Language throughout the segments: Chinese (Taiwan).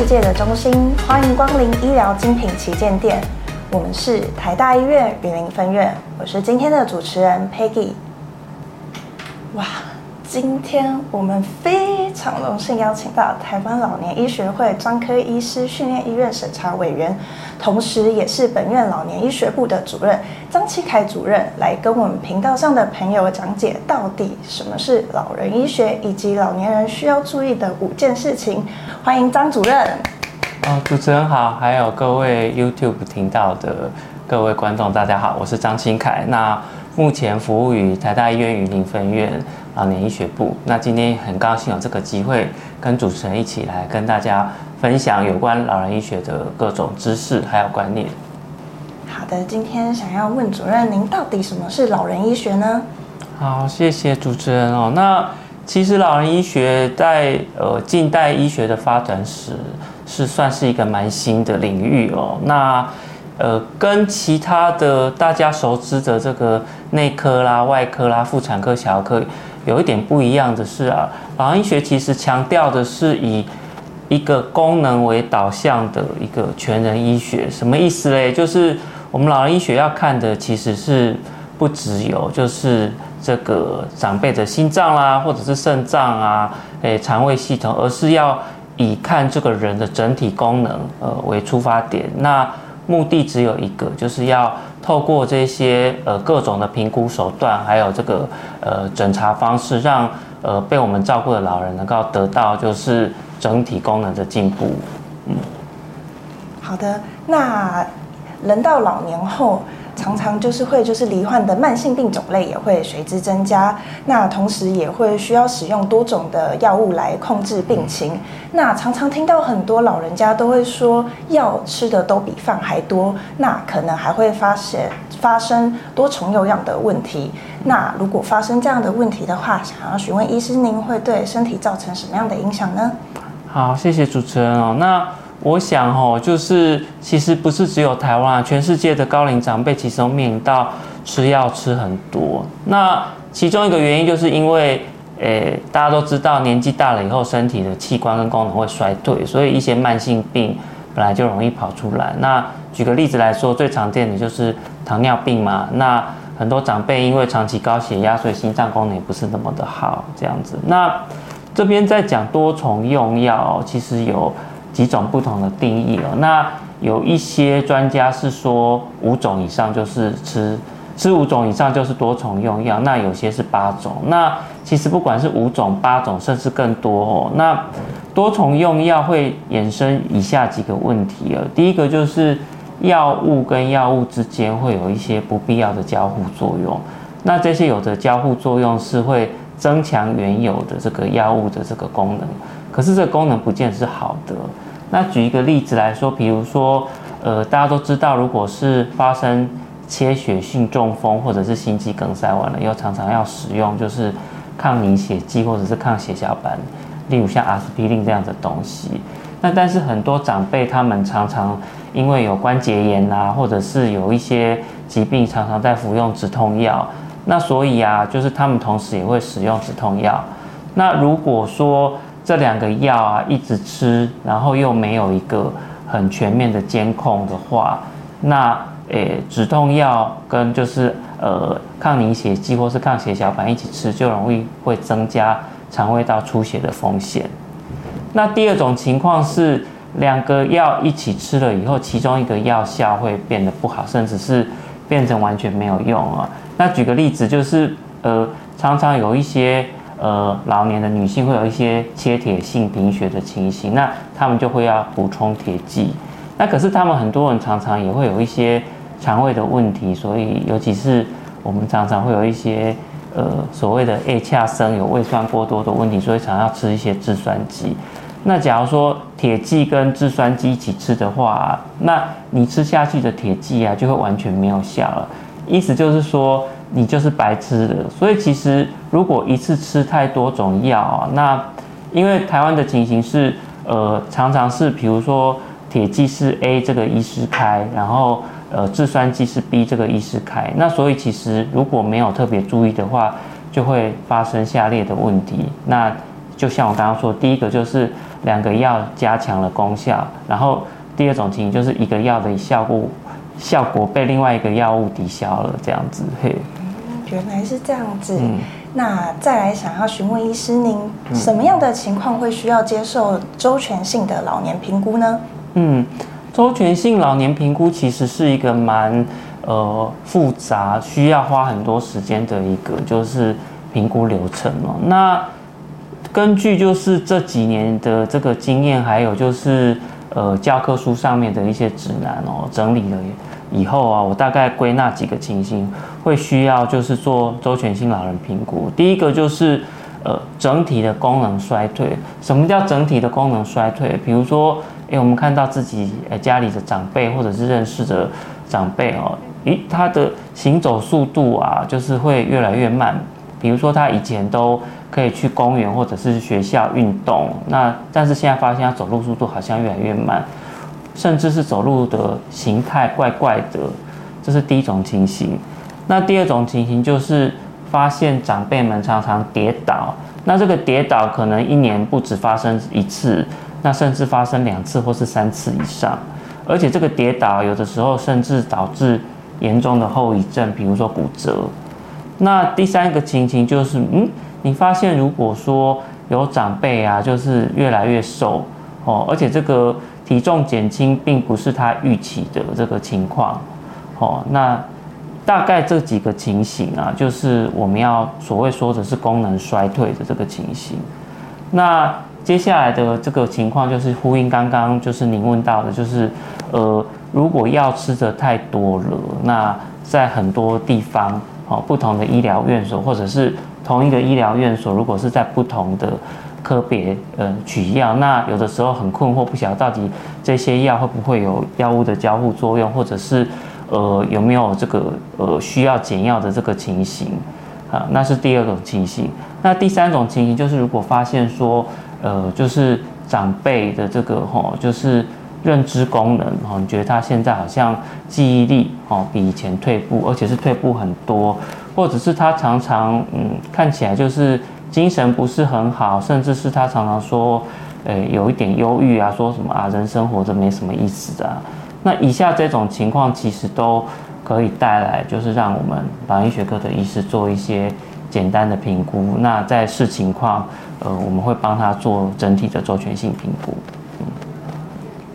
世界的中心，歡迎光臨醫療精品旗艦店。我們是台大醫院雲林分院，我是今天的主持人 Peggy。今天我們非常榮幸邀請到台灣老年醫學會專科醫師訓練醫院審查委員，同時也是本院老年醫學部的主任張欽凱主任，來跟我們頻道上的朋友講解到底什麼是老人醫學，以及老年人需要注意的五件事情。歡迎張主任。哦，主持人好，還有各位 YouTube 頻道的各位觀眾，大家好，我是張欽凱。那目前服務於台大醫院雲林分院老年醫學部。那今天很高興有這個機會跟主持人一起來跟大家分享有關老人醫學的各種知識還有觀念。好的，今天想要問主任，您到底什麼是老人醫學呢？好，謝謝主持人哦。那其實老人醫學在呃近代醫學的發展史是算是一個蠻新的領域哦。那呃，跟其他的大家熟知的這個內科啦、外科啦、婦產科、小兒科，有一點不一樣的是啊，老人醫學其實強調的是以一個功能為導向的一個全人醫學。什麼意思嘞？就是我們老人醫學要看的其實是不只有就是這個長輩的心臟啦、啊，或者是腎臟啊，誒、欸，腸胃系統，而是要以看這個人的整體功能，呃，為出發點。那目的只有一個，就是要透過這些呃各種的評估手段，還有這個呃診查方式，讓呃被我們照顧的老人能夠得到就是整體功能的進步。嗯，好的，那人到老年後。常常就是會，就是罹患的慢性病種類也會隨之增加。那同時也會需要使用多種的藥物來控制病情。那常常聽到很多老人家都會說，藥吃的都比飯還多。那可能還會發現發生多重用藥的問題。那如果發生這樣的問題的話，想要詢問醫師，您會對身體造成什麼樣的影響呢？好，謝謝主持人哦。那我想哦，就是其實不是只有台灣啊，全世界的高齡長輩其實都面臨到吃藥吃很多。那其中一個原因就是因為，誒，大家都知道年紀大了以後，身體的器官跟功能會衰退，所以一些慢性病本來就容易跑出來。那舉個例子來說，最常見的就是糖尿病嘛。那很多長輩因為長期高血壓，所以心臟功能也不是那麼的好這樣子。那這邊在講多重用藥，其實有幾種不同的定義哦、喔，那有一些專家是說五種以上就是吃吃五種以上就是多重用藥，那有些是八種，那其實不管是五種、八種，甚至更多哦、喔。那多重用藥會衍生以下幾個問題，喔。第一個就是藥物跟藥物之間會有一些不必要的交互作用，那這些有的交互作用是會增強原有的這個藥物的這個功能，可是這個功能不見得是好的。那舉一個例子來說，比如說，呃，大家都知道，如果是發生缺血性中風或者是心肌梗塞完了，又常常要使用就是抗凝血劑或者是抗血小板，例如像阿司匹林這樣的東西。那但是很多長輩他們常常因為有關節炎啊，或者是有一些疾病，常常在服用止痛藥。那所以啊，就是他們同時也會使用止痛藥。那如果說，這兩個藥啊，一直吃，然後又沒有一個很全面的監控的話，那誒，止痛藥跟就是呃抗凝血劑或是抗血小板一起吃，就容易會增加腸胃道出血的風險。那第二種情況是，兩個藥一起吃了以後，其中一個藥效會變得不好，甚至是變成完全沒有用啊。那舉個例子，就是呃，常常有一些呃，老年的女性會有一些缺鐵性貧血的情形，那她們就會要補充鐵劑。那可是她們很多人常常也會有一些腸胃的問題，所以尤其是我們常常會有一些呃所謂的 H 恰生，有胃酸過多的問題，所以常要吃一些制酸劑。那假如說鐵劑跟制酸劑一起吃的話，啊，那你吃下去的鐵劑啊就會完全沒有效了。意思就是說。你就是白吃的，所以其實如果一次吃太多種藥啊，那因為台灣的情形是，呃，常常是比如說鐵劑是 A 這個醫師開，然後呃制酸劑是 B 這個醫師開，那所以其實如果沒有特別注意的話，就會發生下列的問題。那就像我剛剛說，第一個就是兩個藥加強了功效，然後第二種情形就是一個藥的效果效果被另外一個藥物抵消了，這樣子嘿。原來是這樣子。嗯，那再來想要詢問醫師您，您、嗯、什麼樣的情況會需要接受周全性的老年評估呢？嗯，周全性老年評估其實是一個蠻呃複雜，需要花很多時間的一個就是評估流程哦。那根據就是這幾年的這個經驗，還有就是呃教科書上面的一些指南哦整理了。以後啊，我大概歸納幾個情形會需要，就是做周全性老人評估。第一個就是，呃，整體的功能衰退。什麼叫整體的功能衰退？比如說，哎，我們看到自己誒家裡的長輩，或者是認識的長輩哦，咦，他的行走速度啊，就是會越來越慢。比如說他以前都可以去公園或者是學校運動，那但是現在發現他走路速度好像越來越慢。甚至是走路的形態怪怪的，這是第一種情形。那第二種情形就是發現長輩們常常跌倒，那這個跌倒可能一年不止發生一次，那甚至發生兩次或是三次以上，而且這個跌倒有的時候甚至導致嚴重的後遺症，比如說骨折。那第三個情形就是，嗯，你發現如果說有長輩啊，就是越來越瘦哦，而且這個。體重減輕並不是他預期的這個情況，哦，那大概這幾個情形啊，就是我們要所謂說的是功能衰退的這個情形。那接下來的這個情況就是呼應剛剛就是您問到的，就是呃，如果藥吃得太多了，那在很多地方哦，不同的醫療院所或者是同一個醫療院所，如果是在不同的。科別呃取藥，那有的時候很困惑，不曉得到底這些藥會不會有藥物的交互作用，或者是呃有沒有這個呃需要減藥的這個情形啊？那是第二種情形。那第三種情形就是，如果發現說呃，就是長輩的這個哈，就是認知功能哦，你覺得他現在好像記憶力哦比以前退步，而且是退步很多，或者是他常常嗯看起來就是。精神不是很好，甚至是他常常說，呃、欸，有一點憂鬱啊，說什麼啊，人生活着沒什麼意思啊，那以下這種情況其實都可以帶來，就是讓我們老年醫學科的醫師做一些簡單的評估。那在視情況，呃，我們會幫他做整體的周全性評估。嗯，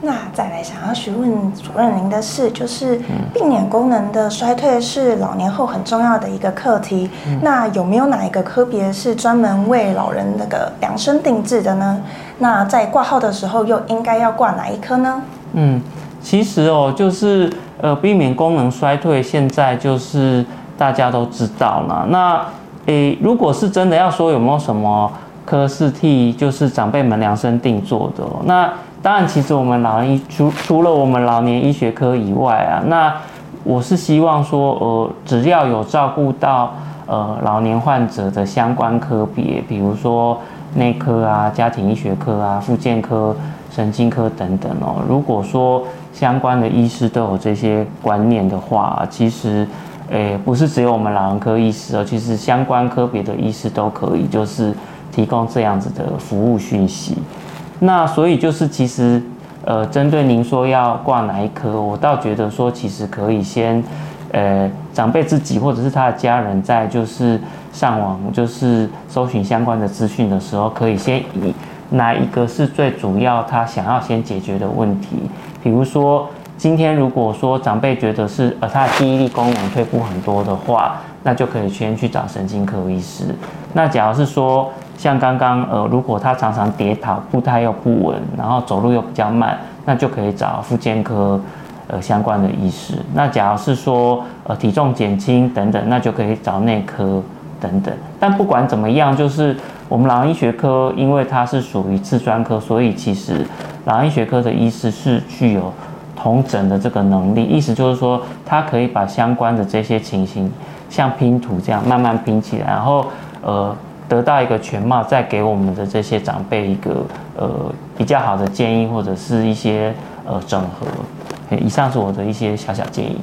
那在。想要詢問主任您的是，就是避免功能的衰退是老年後很重要的一個課題，嗯。那有沒有哪一個科別是專門為老人那個量身定製的呢？那在掛號的時候又應該要掛哪一科呢？嗯，其實哦，就是呃，避免功能衰退，現在就是大家都知道了。那誒、欸，如果是真的要說有沒有什麼科是替就是長輩們量身定做的那。當然，其實我們老人醫除除了我們老年醫學科以外啊，那我是希望說，呃，只要有照顧到呃老年患者的相關科別，比如說內科啊、家庭醫學科啊、復健科、神經科等等哦。如果說相關的醫師都有這些觀念的話，其實，欸，不是只有我們老人科醫師哦，其實相關科別的醫師都可以，就是提供這樣子的服務訊息。那所以就是其實，呃，針對您說要掛哪一科，我倒覺得說其實可以先，呃，長輩自己或者是他的家人在就是上網就是搜尋相關的資訊的時候，可以先以哪一個是最主要他想要先解決的問題。比如說今天如果說長輩覺得是，呃，他的記憶力功能退步很多的話，那就可以先去找神經科醫師。那假如是說，像剛剛呃，如果他常常跌倒，步態又不穩，然後走路又比較慢，那就可以找復健科呃相關的醫師。那假如是說呃體重減輕等等，那就可以找內科等等。但不管怎麼樣，就是我們老年醫學科，因為它是屬於次專科，所以其實老年醫學科的醫師是具有統整的這個能力，意思就是說他可以把相關的這些情形像拼圖這樣慢慢拼起來，然後呃。得到一個全貌，再給我們的這些長輩一個呃比較好的建議，或者是一些呃整合。以上是我的一些小小建議。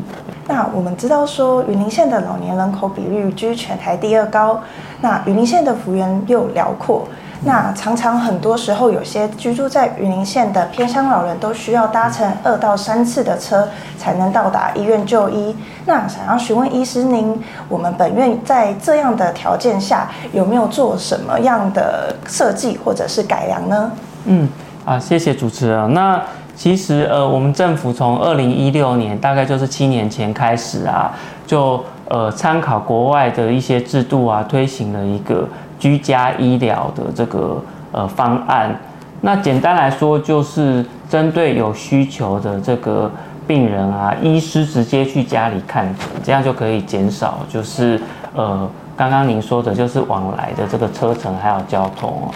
那我們知道說，雲林縣的老年人口比率居全台第二高，那雲林縣的幅員又遼闊。那常常很多時候，有些居住在雲林縣的偏鄉老人都需要搭乘二到三次的車才能到達醫院就醫。那想要詢問醫師您，您我們本院在這樣的條件下有沒有做什麼樣的設計或者是改良呢？嗯啊，謝謝主持人。那其實呃，我們政府從二零一六年，大概就是七年前開始啊，就呃參考國外的一些制度啊，推行了一個。居家醫療的這個呃方案，那簡單來說就是針對有需求的這個病人啊，醫師直接去家裡看診，這樣就可以減少就是呃剛剛您說的，就是往來的這個車程還有交通啊。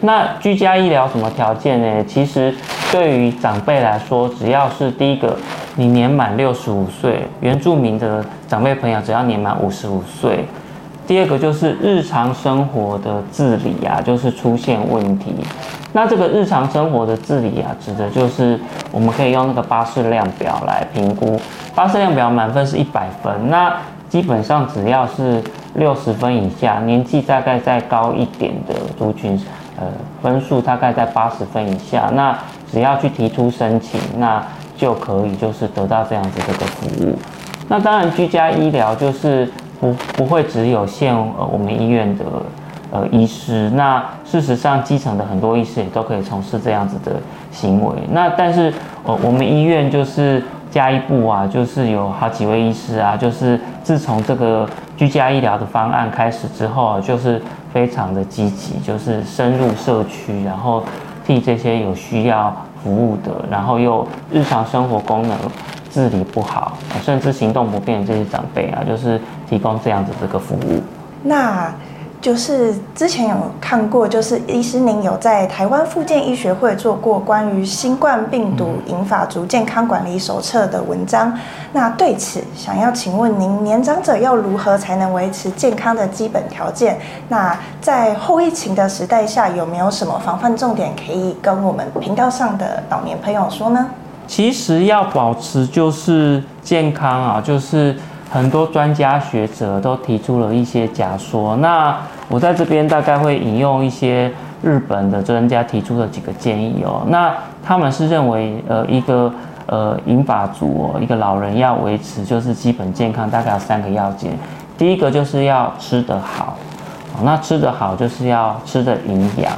那居家醫療什麼條件呢？其實對於長輩來說，只要是第一個，你年滿六十五歲，原住民的長輩朋友，只要年滿五十五歲。第二個就是日常生活的自理啊，就是出現問題。那這個日常生活的自理啊，指的就是我們可以用那個巴氏量表來評估。巴氏量表滿分是一百分，那基本上只要是六十分以下，年紀大概再高一點的族群，呃，分數大概在八十分以下，那只要去提出申請，那就可以就是得到這樣子的一個服務。那當然居家醫療就是。不，不會只有限呃，我們醫院的呃醫師。那事實上，基層的很多醫師也都可以從事這樣子的行為。那但是，呃，我們醫院就是家醫部啊，就是有好幾位醫師啊，就是自從這個居家醫療的方案開始之後，啊，就是非常的積極，就是深入社區，然後替這些有需要服務的，然後又日常生活功能，自理不好，甚至行動不便這些長輩啊，就是提供這樣子這個服務。那就是之前有看過，就是醫師您有在台灣復健醫學會做過關於新冠病毒銀髮族健康管理手冊的文章。嗯、那對此，想要請問您，年長者要如何才能維持健康的基本條件？那在後疫情的時代下，有沒有什麼防範重點可以跟我們頻道上的老年朋友說呢？其實要保持就是健康啊，就是很多專家學者都提出了一些假說。那我在這邊大概會引用一些日本的專家提出的幾個建議哦。那他們是認為，呃，一個呃銀髮族哦，一個老人要維持就是基本健康，大概有三個要件。第一個就是要吃得好，那吃得好就是要吃得營養。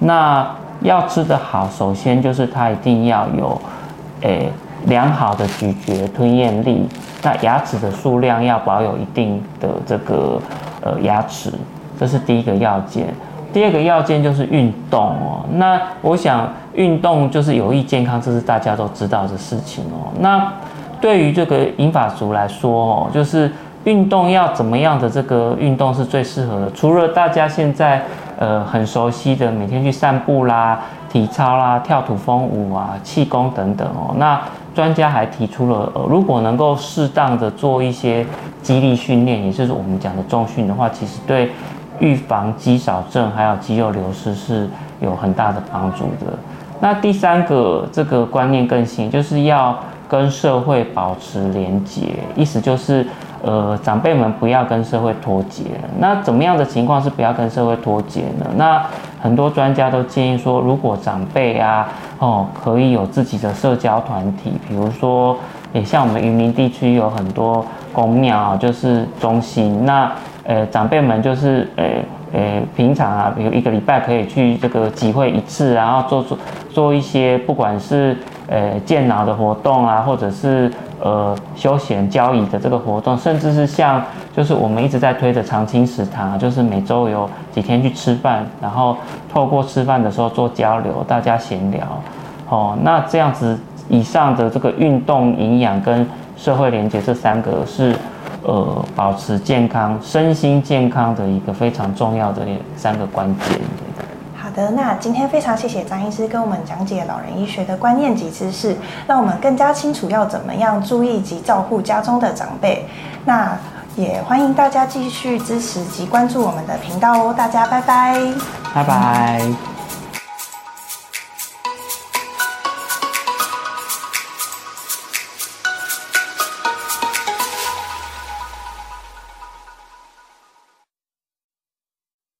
那要吃得好，首先就是他一定要有。誒，良好的咀嚼吞嚥力，那牙齒的數量要保有一定的這個呃牙齒，這是第一個要件。第二個要件就是運動哦。那我想運動就是有益健康，這是大家都知道的事情哦。那對於這個銀髮族來說哦，就是運動要怎麼樣的這個運動是最適合的？除了大家現在。呃，很熟悉的，每天去散步啦、體操啦、跳土風舞啊、氣功等等哦。那專家還提出了，呃，如果能夠適當的做一些肌力訓練，也就是我們講的重訓的話，其實對預防肌少症還有肌肉流失是有很大的幫助的。那第三個這個觀念更新，就是要跟社會保持連結，意思就是。呃，長輩們不要跟社會脫節。那怎麼樣的情況是不要跟社會脫節呢？那很多專家都建議說，如果長輩啊，哦，可以有自己的社交團體，比如說，也像我們雲林地區有很多公廟啊，就是中心。那呃，長輩們就是呃呃，平常啊，比如一個禮拜可以去這個集會一次，然後做做做一些，不管是。呃，健腦的活動啊，或者是呃休閒交誼的這個活動，甚至是像就是我們一直在推的常青食堂、啊，就是每周有幾天去吃飯，然後透過吃飯的時候做交流，大家閒聊。哦，那這樣子以上的這個運動、營養跟社會連接這三個是呃保持健康、身心健康的一個非常重要的三個關鍵。那今天非常謝謝張醫師跟我們講解老人醫學的觀念及知識，讓我們更加清楚要怎麼樣注意及照顧家中的長輩。那也歡迎大家繼續支持及關注我們的頻道哦，大家拜拜，拜拜。